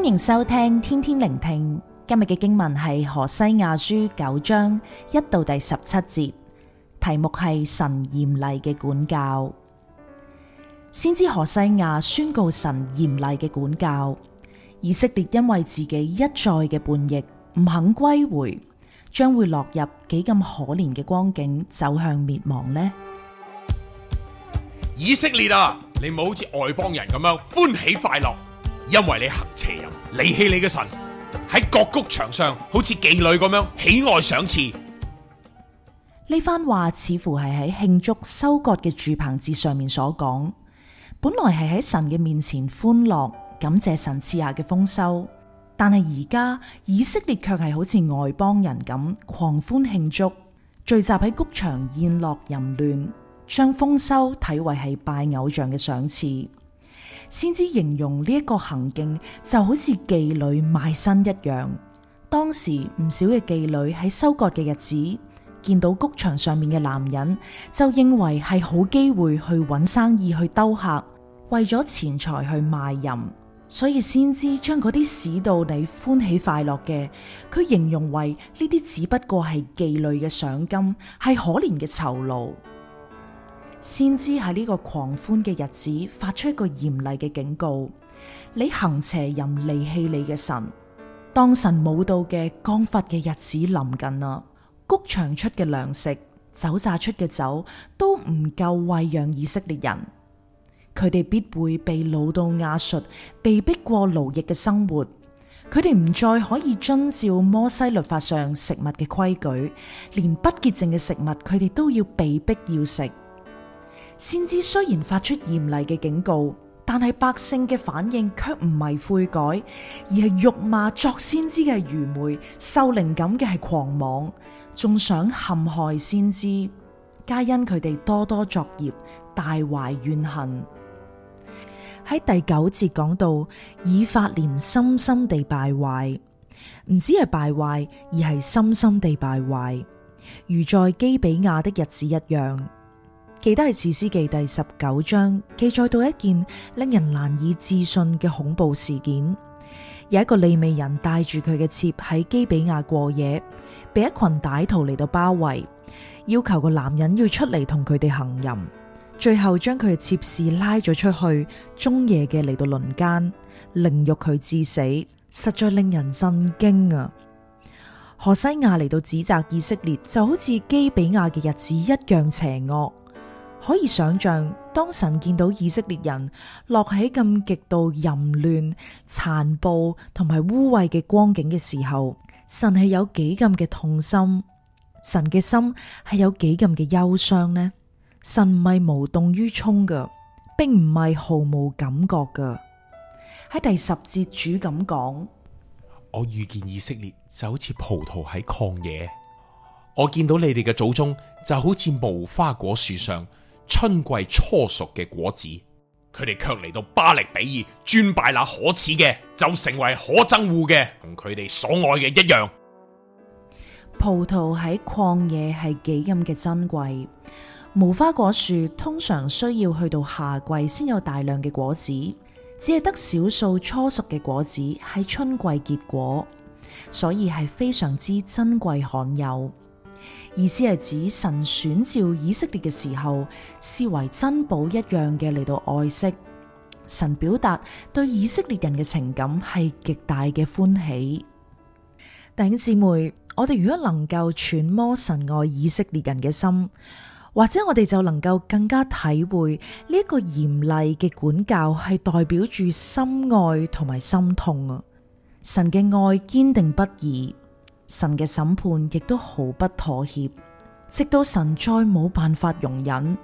歡迎收聽天天聆聽。今日嘅經文係何西阿書九章一到第十七節，題目係神嚴厲嘅管教。先知何西阿宣告神嚴厲嘅管教，以色列因為自己一再嘅叛逆，唔肯歸回，將會落入幾咁可憐嘅光景，走向滅亡呢？以色列啊，你唔好好似外邦人咁樣歡喜快樂。因為你行邪淫，離棄你嘅神，喺各穀場上好似妓女咁樣喜愛賞賜。呢番話似乎係喺慶祝收割嘅住棚節上面所講，本來係喺神嘅面前歡樂，感謝神賜下嘅豐收。但係而家以色列卻係好似外邦人咁狂歡慶祝，聚集喺穀場宴樂、淫亂，將豐收睇為係拜偶像嘅賞賜。先知形容呢一個行徑就好似妓女賣身一樣。當時唔少嘅妓女喺收割嘅日子，見到谷場上面嘅男人，就認為係好機會去搵生意去兜客，為咗錢財去賣淫。所以先知將嗰啲使到你歡喜快樂嘅，佢形容為呢啲只不過係妓女嘅賞金，係可憐嘅酬勞。先知喺呢個狂歡嘅日子，發出一個嚴厲嘅警告：你行邪淫，離棄你嘅神。當神冇到嘅降罰嘅日子臨近啦，穀場出嘅糧食、酒榨出嘅酒都唔夠餵養以色列人，佢哋必會被擄到亞述，被逼過奴役嘅生活。佢哋唔再可以遵照摩西律法上食物嘅規矩，連不潔淨嘅食物，佢哋都要被逼要食。先知雖然發出嚴厲嘅警告，但係百姓嘅反應卻唔係悔改，而係辱罵作先知嘅愚昧，受靈感嘅係狂妄，仲想陷害先知。皆因佢哋多多作孽，大懷怨恨。喺第九節講到，以法蓮深深地敗壞，唔止係敗壞，而係深深地敗壞，如在基比亞的日子一樣。記得係《士師記》第十九章記載到一件令人難以置信嘅恐怖事件。有一個利未人帶住佢嘅妾喺基比亞過夜，被一群歹徒嚟到包圍，要求個男人要出嚟同佢哋行淫，最後將佢嘅妾侍拉咗出去，終夜嘅嚟到輪姦凌辱佢致死，實在令人震驚啊！何西阿嚟到指責以色列，就好似基比亞嘅日子一樣邪惡。可以想象，當神見到以色列人落喺咁極度淫亂、殘暴同埋污穢嘅光景嘅時候，神係有幾咁嘅痛心？神嘅心係有幾咁嘅憂傷呢？神唔係無動於衷噶，並唔係毫無感覺噶。喺第十節主咁講：「我遇見以色列就好似葡萄喺曠野，我見到你哋嘅祖宗就好似無花果樹上。春季初熟嘅果子，佢哋卻嚟到巴力毗珥專拜那可恥嘅，就成為可憎惡嘅，同佢哋所愛嘅一樣。葡萄喺曠野係幾咁嘅珍貴，無花果樹通常需要去到夏季先有大量嘅果子，只係得少數初熟嘅果子喺春季結果，所以係非常之珍貴罕有。意思係指神選召以色列嘅時候，視為珍寶一樣嘅嚟到愛惜。神表達對以色列人嘅情感係極大嘅歡喜。弟兄姊妹，我哋如果能夠揣摩神愛以色列人嘅心，或者我哋就能夠更加體會呢一個嚴厲嘅管教係代表住深愛同埋心痛啊！神嘅愛堅定不移。神嘅審判亦都毫不妥協，直到神再冇辦法容忍。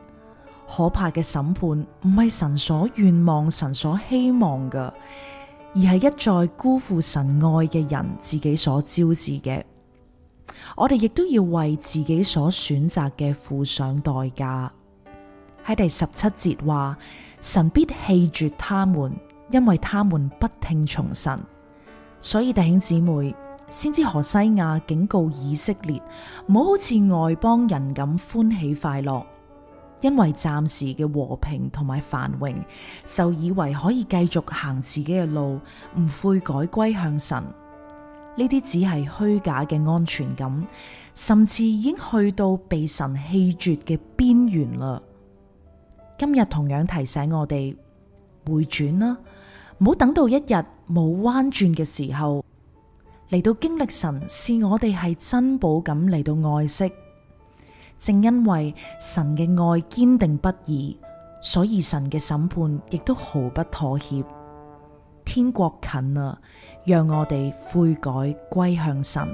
可怕嘅審判唔係神所願望、神所希望嘅，而係一再辜負神愛嘅人自己所招致嘅。我哋亦都要為自己所選擇嘅付上代價。喺第十七節話，神必棄絕他們，因為他們不聽從神。所以弟兄姊妹，先知何西阿警告以色列，唔好好似外邦人咁歡喜快樂，因為暫時嘅和平同埋繁榮，就以為可以繼續行自己嘅路，唔悔改歸向神。呢啲只係虛假嘅安全感，甚至已經去到被神棄絕嘅邊緣啦。今日同樣提醒我哋回轉啦，唔好等到一日冇彎轉嘅時候。嚟到經歷神，視我哋係珍寶咁嚟到愛惜。正因為神嘅愛堅定不移，所以神嘅審判亦都毫不妥協。天國近了，讓我哋悔改歸向神。